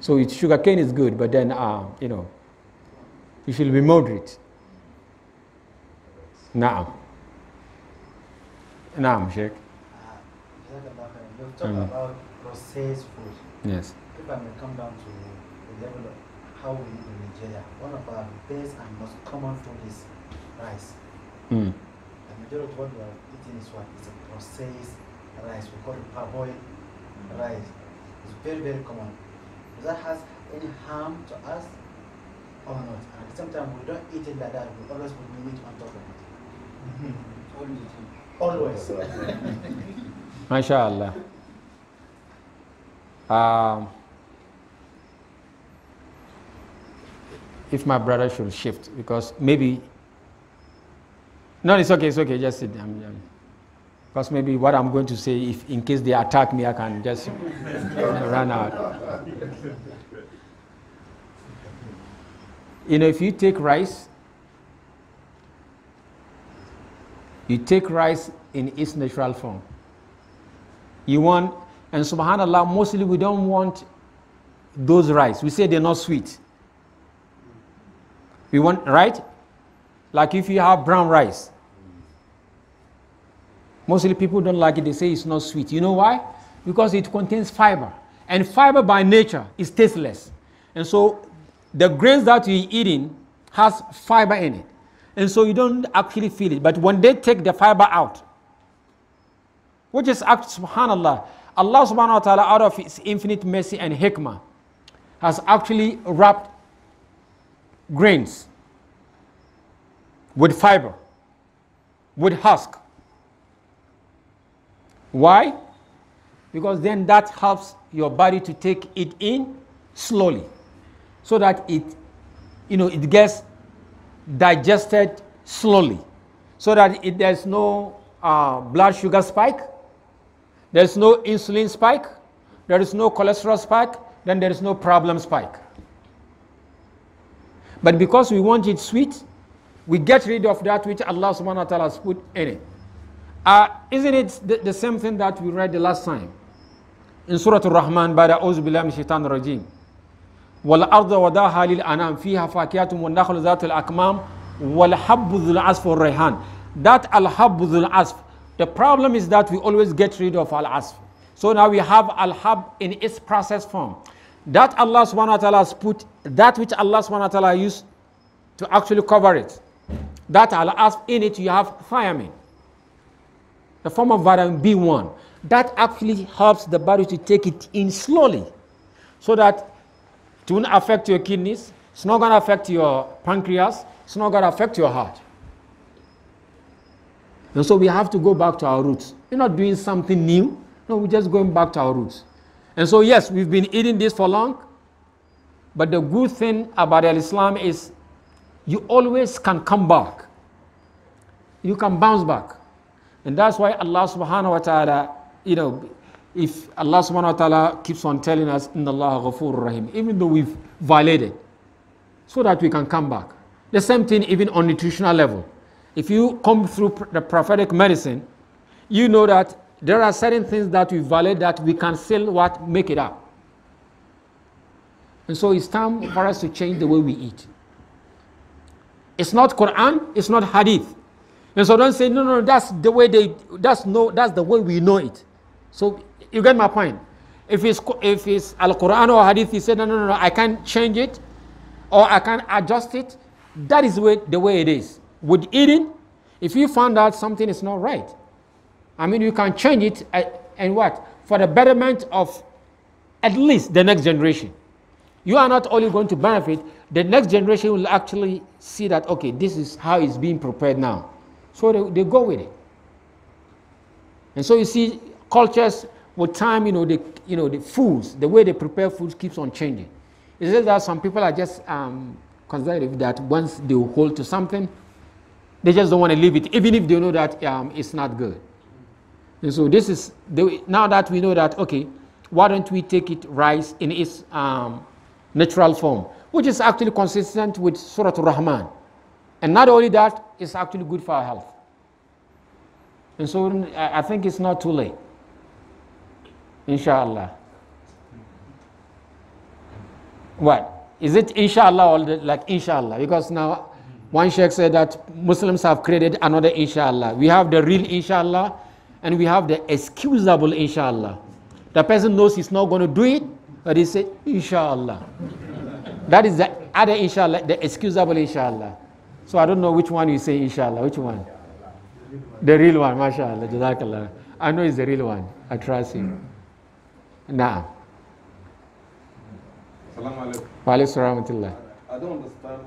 So it's, sugarcane is good, but then, uh, you know, you should be moderate. Naam. Naam, Sheikh talk mm. about processed food. Yes. If I may come down to the level of how we eat in Nigeria, one of our best and most common food is rice. Mm. The majority of what we are eating is what—it's a processed rice. We call it parboiled mm. rice. It's very, very common. Does that has any harm to us or not? And at the same time, we don't eat it like that. We always put meat on top of it. Mm -hmm. Always. Always. MashaAllah. Um, if my brother should shift, because maybe. No, it's okay, it's okay, just sit down. Because maybe what I'm going to say, if in case they attack me, I can just run out. You know, if you take rice, you take rice in its natural form. You want and subhanAllah, mostly we don't want those rice. We say they're not sweet. We want, right? Like if you have brown rice. Mostly people don't like it. They say it's not sweet. You know why? Because it contains fiber. And fiber by nature is tasteless. And so the grains that you're eating has fiber in it. And so you don't actually feel it. But when they take the fiber out, which is, subhanAllah, Allah subhanahu wa ta'ala, out of His infinite mercy and hikmah, has actually wrapped grains with fiber, with husk. Why? Because then that helps your body to take it in slowly so that it, you know, it gets digested slowly so that it, there's no uh, blood sugar spike there is no insulin spike, there is no cholesterol spike, then there is no problem spike. But because we want it sweet, we get rid of that which Allah subhanahu wa ta'ala has put in it. Uh, isn't it the, the, same thing that we read the last time? In Surah Al-Rahman, بعد أعوذ بالله من wa الرجيم والأرض وضعها للأنام فيها فاكهة والنخل ذات الأكمام والحب ذو العصف والريحان That al-habbu ذو العصف the problem is that we always get rid of al-asf. So now we have al-hab in its process form. That Allah subhanahu wa ta'ala has put, that which Allah subhanahu wa ta'ala used to actually cover it. That al-asf in it you have thiamine. The form of vitamin B1. That actually helps the body to take it in slowly so that it won't affect your kidneys, it's not going to affect your pancreas, it's not going to affect your heart. And so we have to go back to our roots. We're not doing something new. No, we're just going back to our roots. And so, yes, we've been eating this for long. But the good thing about Islam is you always can come back. You can bounce back. And that's why Allah subhanahu wa ta'ala, you know, if Allah subhanahu wa ta'ala keeps on telling us, in Allah ghafur rahim, even though we've violated, so that we can come back. The same thing even on nutritional level if you come through the prophetic medicine, you know that there are certain things that we violate that we can still what make it up. And so it's time for us to change the way we eat. It's not Quran, it's not Hadith. And so don't say, no, no, that's the way they that's no that's the way we know it. So you get my point. If it's if it's Al Quran or Hadith, you say, no, no, no, no, I can't change it or I can't adjust it. That is the way, the way it is with eating, if you find out something is not right, I mean, you can change it at, uh, and what? For the betterment of at least the next generation. You are not only going to benefit, the next generation will actually see that, okay, this is how it's being prepared now. So they, they go with it. And so you see cultures with time, you know, the, you know, the foods, the way they prepare food keeps on changing. It's just that some people are just um, conservative that once they hold to something, they just don't want to leave it, even if they know that um, it's not good. And so this is the, now that we know that okay, why don't we take it rice in its um, natural form, which is actually consistent with Surah Al-Rahman. And not only that, it's actually good for our health. And so I think it's not too late. Inshallah. What? Is it inshallah or like inshallah? Because now one sheikh said that Muslims have created another inshallah. We have the real inshallah and we have the excusable inshallah. The person knows he's not going to do it, but he said inshallah. that is the other inshallah, the excusable inshallah. So I don't know which one you say inshallah. Which one? The real one, mashallah, jazakallah. I know it's the real one. I trust him. Now. Wa I don't understand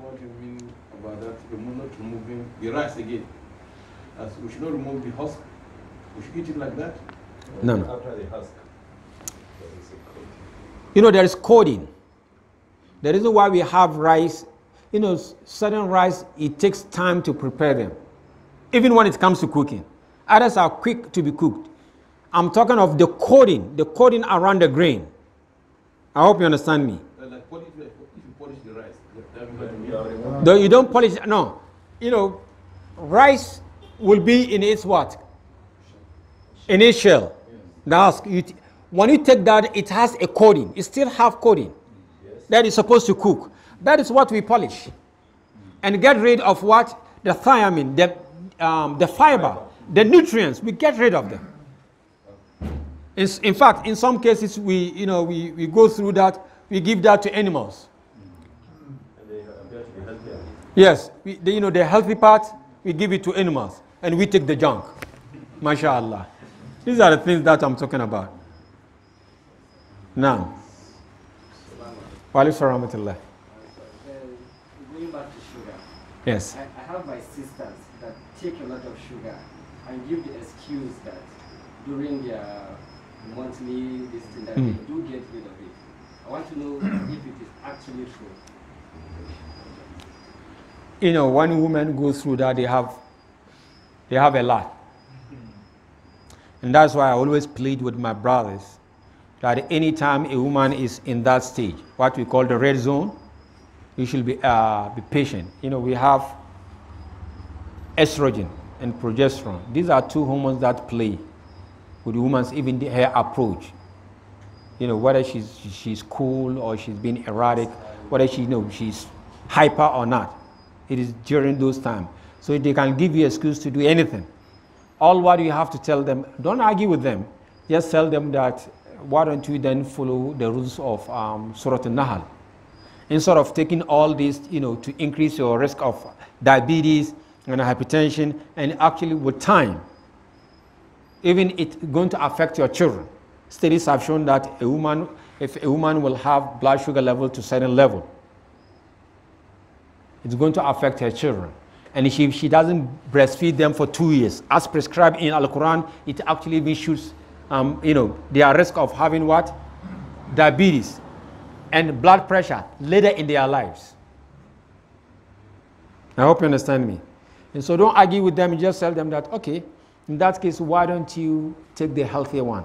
what you mean about that. We must not remove him. The rice again. As we should not remove the husk. We should eat it like that. No, no. After the husk. You know, there is coding. The reason why we have rice, you know, certain rice, it takes time to prepare them, even when it comes to cooking. Others are quick to be cooked. I'm talking of the coding, the coding around the grain. I hope you understand me. No, you don't polish, no. You know, rice will be in its what? In its shell. Now, you when you take that, it has a coating. It still have coating that is supposed to cook. That is what we polish. And get rid of what? The thiamine, the, um, the fiber, the nutrients. We get rid of them. In, in fact, in some cases, we, you know, we, we go through that. We give that to animals. Yes, we, you know, the healthy part, we give it to animals and we take the junk. MashaAllah. These are the things that I'm talking about. Now, Wa rahmatullah. Going back to sugar. Yes. I, I have my sisters that take a lot of sugar and give the excuse that during their monthly this thing that mm. they hmm. do get rid of it. I want to know if it is actually true you know, when women go through that, they have, they have a lot. And that's why I always plead with my brothers that anytime a woman is in that stage, what we call the red zone, you should be, uh, be patient. You know, we have estrogen and progesterone. These are two hormones that play with women's woman's even her approach. You know, whether she's, she's cool or she's being erratic, whether she, you know, she's hyper or not it is during those times. So they can give you excuse to do anything. All what you have to tell them, don't argue with them. Just tell them that why don't you then follow the rules of um, Al-Nahl? Instead of taking all this, you know, to increase your risk of diabetes and hypertension, and actually with time, even it's going to affect your children. Studies have shown that a woman, if a woman will have blood sugar level to certain level, it's going to affect her children. And if she doesn't breastfeed them for two years, as prescribed in Al-Quran, it actually issues, um, you know, their risk of having what? Diabetes and blood pressure later in their lives. I hope you understand me. And so don't argue with them, just tell them that, okay, in that case, why don't you take the healthier one?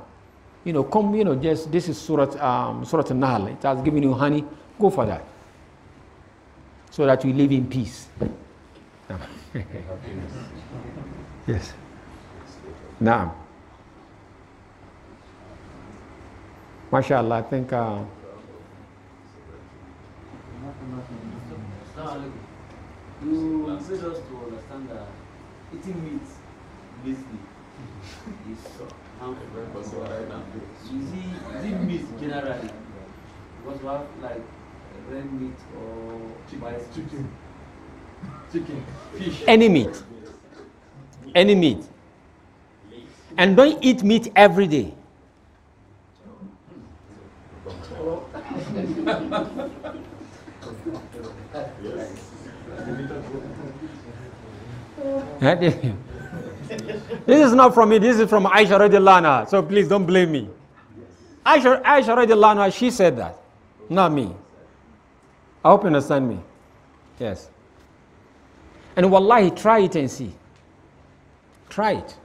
You know, come, you know, just this is Surat, um, Surat an It has given you honey. Go for that so that we live in peace. yes. Now, mashallah, I think. Uh, you made us to understand that eating meat basically is harmful Is it meat generally? Because we have like red meat or chicken? Chicken. Chicken. Fish. Any meat. Any meat. And don't eat meat every day. this is not from me, this is from Aisha radiallahu so please don't blame me. Aisha, Aisha radiallahu she said that, not me. I hope you understand me. Yes. And wallahi, try it and see. Try it.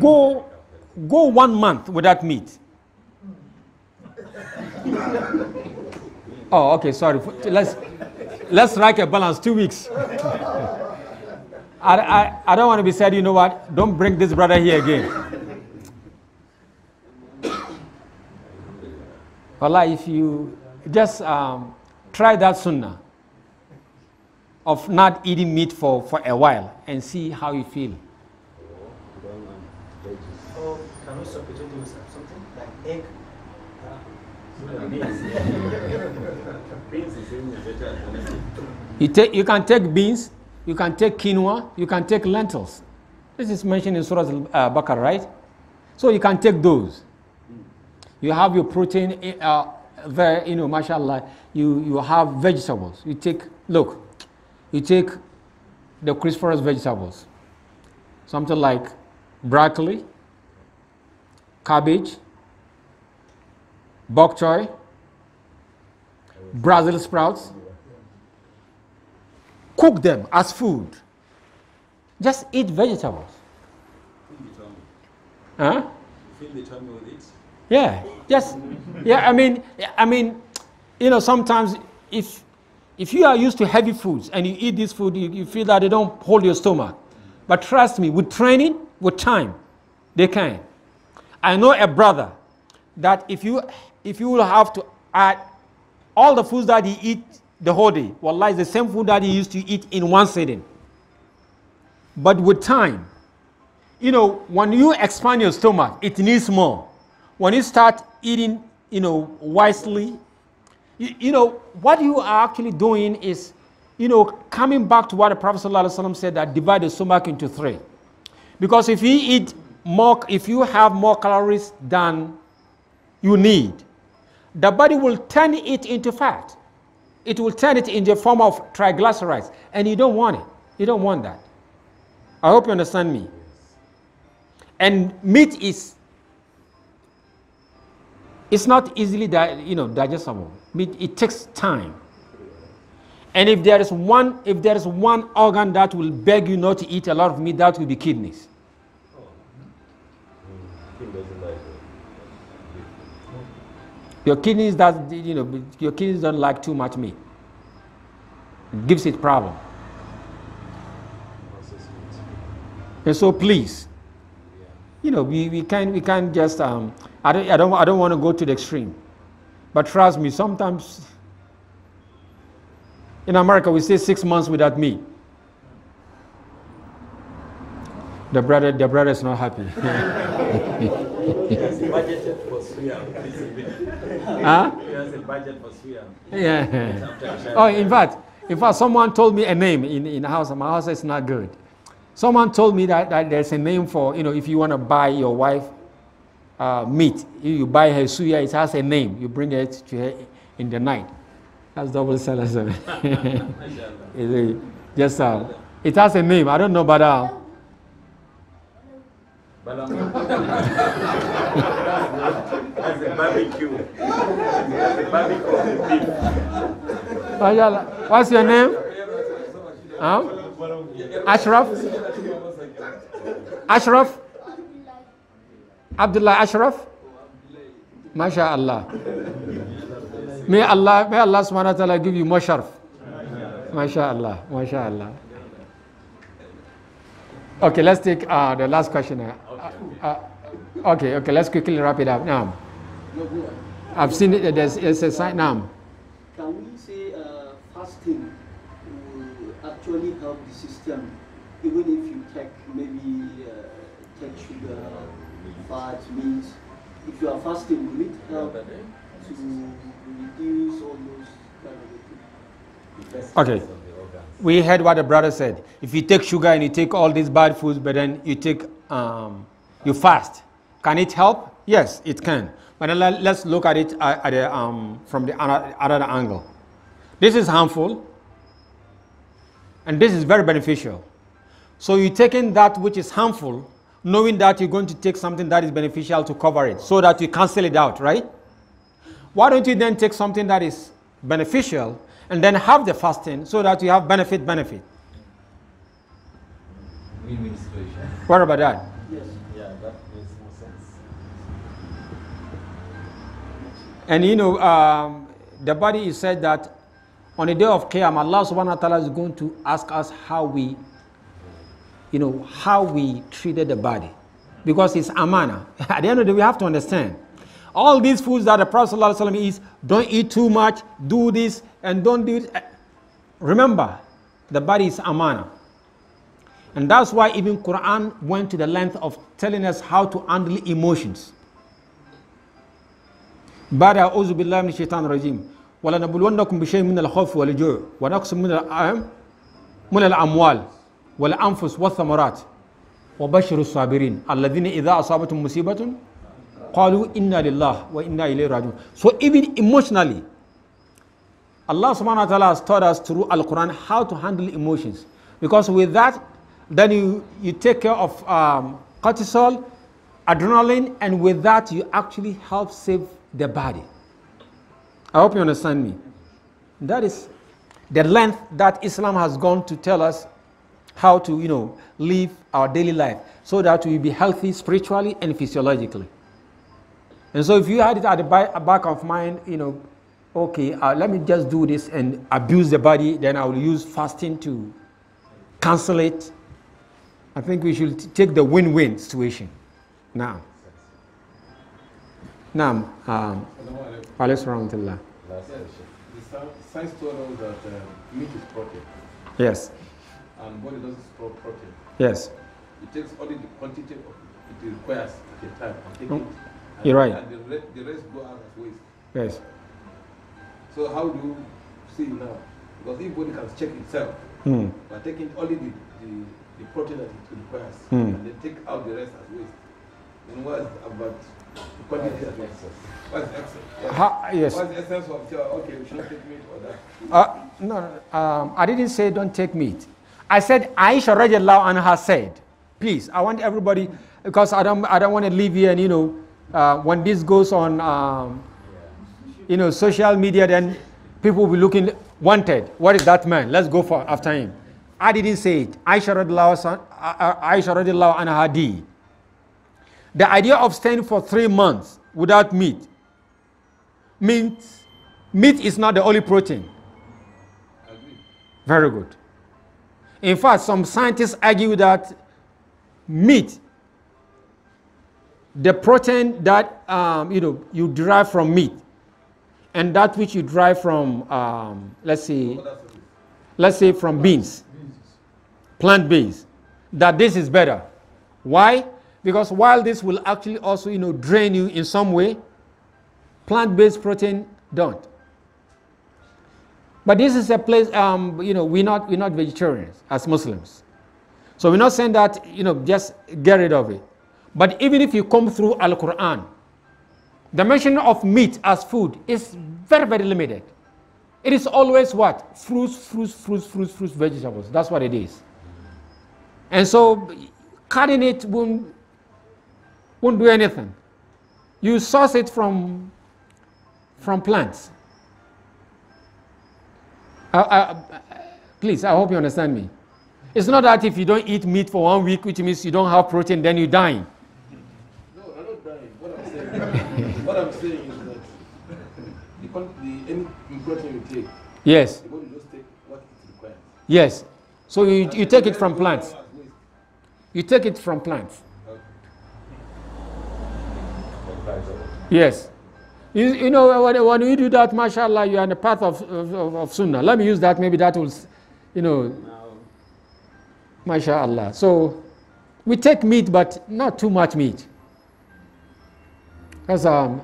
Go, go one month without meat. oh, okay, sorry. Let's, let's strike a balance. Two weeks. I, I, I don't want to be said, you know what? Don't bring this brother here again. Wallah, if you just um, try that sunnah of not eating meat for, for a while and see how you feel. Oh, can we substitute with something like egg? you, take, you can take beans, you can take quinoa, you can take lentils. This is mentioned in Surah Al-Baqarah, right? So you can take those. You have your protein eh, uh, there, you know, mashallah. You, you have vegetables. You take, look, you take the crisporous vegetables, something like broccoli, cabbage, bok choy, Brazil sprouts. Cook them as food. Just eat vegetables. Huh? Fill the tummy with it. Yeah, yes. Yeah, I mean, I mean, you know, sometimes if if you are used to heavy foods and you eat this food, you, you feel that they don't hold your stomach. But trust me, with training, with time, they can. I know a brother that if you if you will have to add all the foods that he eat the whole day, well, it's the same food that he used to eat in one sitting. But with time, you know, when you expand your stomach, it needs more when you start eating, you know, wisely, you, you know, what you are actually doing is, you know, coming back to what the Prophet ﷺ said that divide the stomach into three. Because if you eat more, if you have more calories than you need, the body will turn it into fat. It will turn it into the form of triglycerides. And you don't want it. You don't want that. I hope you understand me. And meat is it's not easily you know, digestible. It takes time. And if there is one, if there is one organ that will beg you not to eat a lot of meat, that will be kidneys. Your kidneys that you know, your kidneys don't like too much meat. It gives it problem. And so please, you know, we, we can't we can't just um, I don't, I don't, I don't want to go to the extreme. But trust me, sometimes in America we say six months without me. The brother, the brother is not happy. a budget for Suya. Huh? a budget for Suya. Yeah. oh, in fact, in fact, someone told me a name in, in the house. My house is not good. Someone told me that, that there's a name for, you know, if you want to buy your wife uh, meat. You buy her suya, it has a name. You bring it to her in the night. That's double salad. yes, sir. it has a name. I don't know, but. Uh, That's a barbecue. That's a barbecue. What's your name? Huh? Ashraf? Ashraf? Abdullah Ashraf? Masha Allah. May Allah, may Allah subhanahu wa ta'ala give you more sharp. Masha Allah, Okay, let's take uh, the last question. Uh, uh, okay, okay, let's quickly wrap it up. Now, I've seen it, there's, it's a sign now. Can we say uh, fasting will actually help the system, even if you take maybe uh, take sugar? fat means if you are fasting, will it help to reduce all those kind of things? Okay. We heard what the brother said. If you take sugar and you take all these bad foods, but then you take, um, you fast, can it help? Yes, it can. But let, us look at it uh, at, a, um, from the other angle. This is harmful, and this is very beneficial. So you're taking that which is harmful knowing that you're going to take something that is beneficial to cover it so that you cancel it out, right? Why don't you then take something that is beneficial and then have the fasting so that you have benefit benefit? Win-win situation. What about that? Yes. Yeah, that makes more sense. And you know, um, the body is said that on the day of Qiyam, Allah subhanahu wa ta'ala is going to ask us how we you know, how we treated the body. Because it's amana. At the end of the day, we have to understand. All these foods that the Prophet ﷺ eats, don't eat too much, do this, and don't do it. Eh, remember, the body is amana. And that's why even Quran went to the length of telling us how to handle emotions. بعد أعوذ بالله من الشيطان الرجيم ولنبلونكم بشيء من الخوف والجوع ونقص من الأموال والأنفس والثمرات وبشر الصابرين الذين إذا أصابتهم مصيبة قالوا إنا لله وإنا إليه راجعون so even emotionally Allah subhanahu wa ta'ala has taught us through Al-Quran how to handle emotions because with that then you, you take care of um, cortisol adrenaline and with that you actually help save the body I hope you understand me that is the length that Islam has gone to tell us how to, you know, live our daily life so that we be healthy spiritually and physiologically. And so if you had it at the back of mind, you know, okay, uh, let me just do this and abuse the body, then I will use fasting to cancel it. I think we should take the win win situation. Now, now, um, Alayhi Rahmatullah. Uh, yes and body doesn't store protein. Yes. It takes only the quantity of it requires at a time. mm. it, You're right. And the, the rest go out as waste. Yes. So how do you see now? Because if body can check itself mm. by taking only the, the, the protein that it requires mm. and then take out the rest as waste, then what about the quantity of excess? What's excess? yes. What's essence of, okay, we should not take meat or that? Uh, no, um, I didn't say don't take meat. I said, Aisha radiallahu anha said, please, I want everybody, because I don't, I don't want to leave here and, you know, uh, when this goes on, um, you know, social media, then people will be looking, wanted, what is that man? Let's go for after him. I didn't say it. Aisha radiallahu, uh, Aisha radiallahu anha did. The idea of staying for three months without meat means meat is not the only protein. Very good. In fact, some scientists argue that meat, the protein that um, you know you derive from meat, and that which you derive from um, let's say, let's say from beans, plant beans, that this is better. Why? Because while this will actually also you know drain you in some way, plant-based protein don't. But this is a place, um, you know, we're not, we're not vegetarians as Muslims. So we're not saying that, you know, just get rid of it. But even if you come through Al Quran, the mention of meat as food is very, very limited. It is always what? Fruits, fruits, fruits, fruits, fruits, vegetables. That's what it is. And so cutting it won't, won't do anything. You source it from, from plants. I, I, please, I hope you understand me. It's not that if you don't eat meat for one week, which means you don't have protein, then you die. No, I'm not dying. What I'm saying, what I'm saying is that the, the, protein you take, yes. just take what it requires. Yes. So you, you take it from plants. You take it from plants. Yes. You, you know, when, when you do that, mashallah, you are on the path of, of, of sunnah. Let me use that, maybe that will, you know, mashallah. So we take meat, but not too much meat. Because um,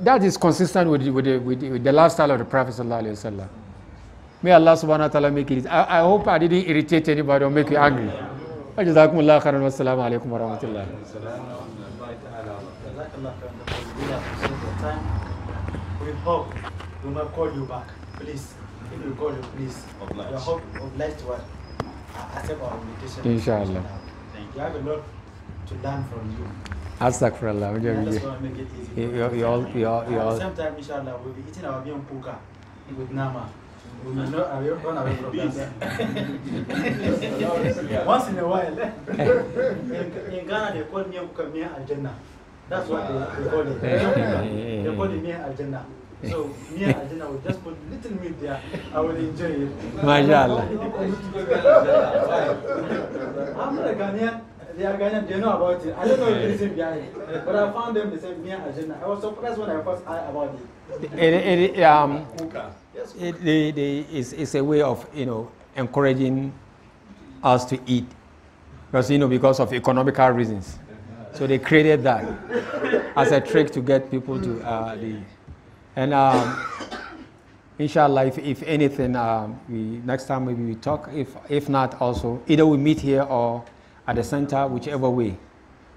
that is consistent with, with, the, with, the, with the lifestyle of the Prophet. May Allah subhanahu wa ta'ala make it. I, I hope I didn't irritate anybody or make you angry. جزاكم الله خيرا والسلام عليكم ورحمة الله We hope we will not call you back, please. If we call you, please. Obliged. We hope obliged to accept our invitation. Inshallah. Thank you. I have a lot to learn from you. Astaghfirullah. We just want to make it easy. You, you all, you all, you all. At the same time, inshallah, we'll be eating our bean puka with nama. Once in a while. in, Ghana, they call me Ukamia Aljanna. That's what they, they call it. they call it Mia Aljanna. So me and will just put little meat there. I will enjoy it. Mashallah. I'm not a Ghanaian. They are Ghanaian. They know about it. I don't know the it is in it, but I found them the same me and I was surprised when I first heard about it. it, it, it um, it, it's, it's, a way of you know encouraging us to eat because you know because of economical reasons. So they created that as a trick to get people to uh, the, and um, inshallah if, if anything um, we next time maybe we talk if if not also either we meet here or at the center whichever way.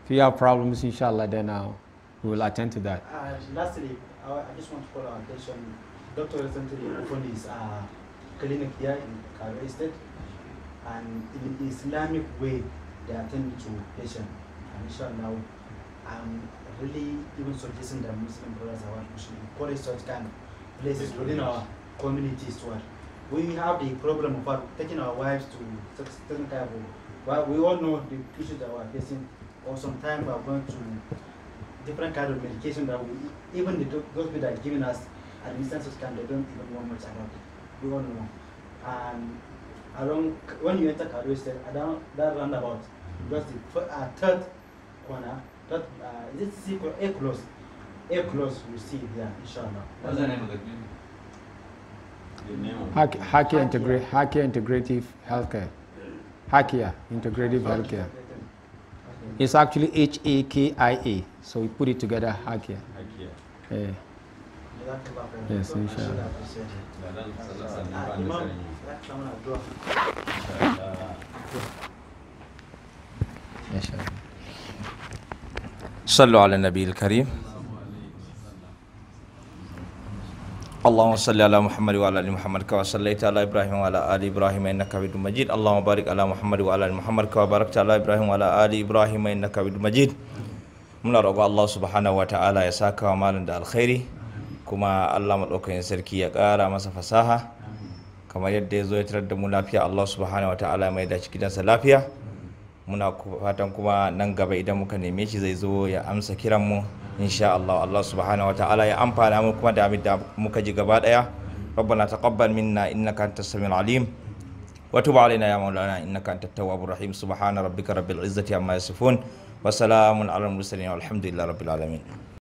If you have problems inshallah then uh, we will attend to that. Uh, lastly, I just want to call our attention doctor recently opened his uh, clinic here in Kano State, and in the Islamic way, they attend to patients. And inshallah, I'm really even suggesting that Muslim brothers are we should encourage such kind of places within our communities to We have the problem about taking our wives to certain kind of well, we all know the issues that we're facing, or sometimes we're going to different kind of medication that we, even the doctor that are giving us an instant sustain, they don't even want much amount. We don't know. And around when you enter Kaduna State, around that roundabout, just the uh, third corner, that uh, is it C A close, A close you see there, inshallah. What's the name of the clinic? Hakia, Hakia, integra Hakia Integrative Healthcare. Hakia Integrative Healthcare. It's actually H A K I A, so we put it together, Hakia. Hakia. Yeah. جزاك الله صلوا على النبي الكريم اللهم صل على محمد وعلى ال محمد كما صليت على ابراهيم وعلى ال ابراهيم انك حميد مجيد اللهم بارك على محمد وعلى ال محمد كما باركت على ابراهيم وعلى ال ابراهيم انك حميد مجيد من رب الله سبحانه وتعالى ta'ala ya saka wa kuma allah maɗaukakin sarki ya ƙara masa fasaha kamar yadda ya zo ya tarar da mu lafiya allah subhanahu wataala mai dace gidansa lafiya muna fatan kuma nan gaba idan muka neme shi zai zo ya amsa kiran mu insha allah allah subhanahu wataala ya amfana mu kuma da muka ji gaba ɗaya ربنا تقبل منا انك انت السميع العليم وتب علينا يا مولانا انك انت التواب الرحيم سبحان ربك رب العزه عما يصفون وسلام على المرسلين والحمد لله رب العالمين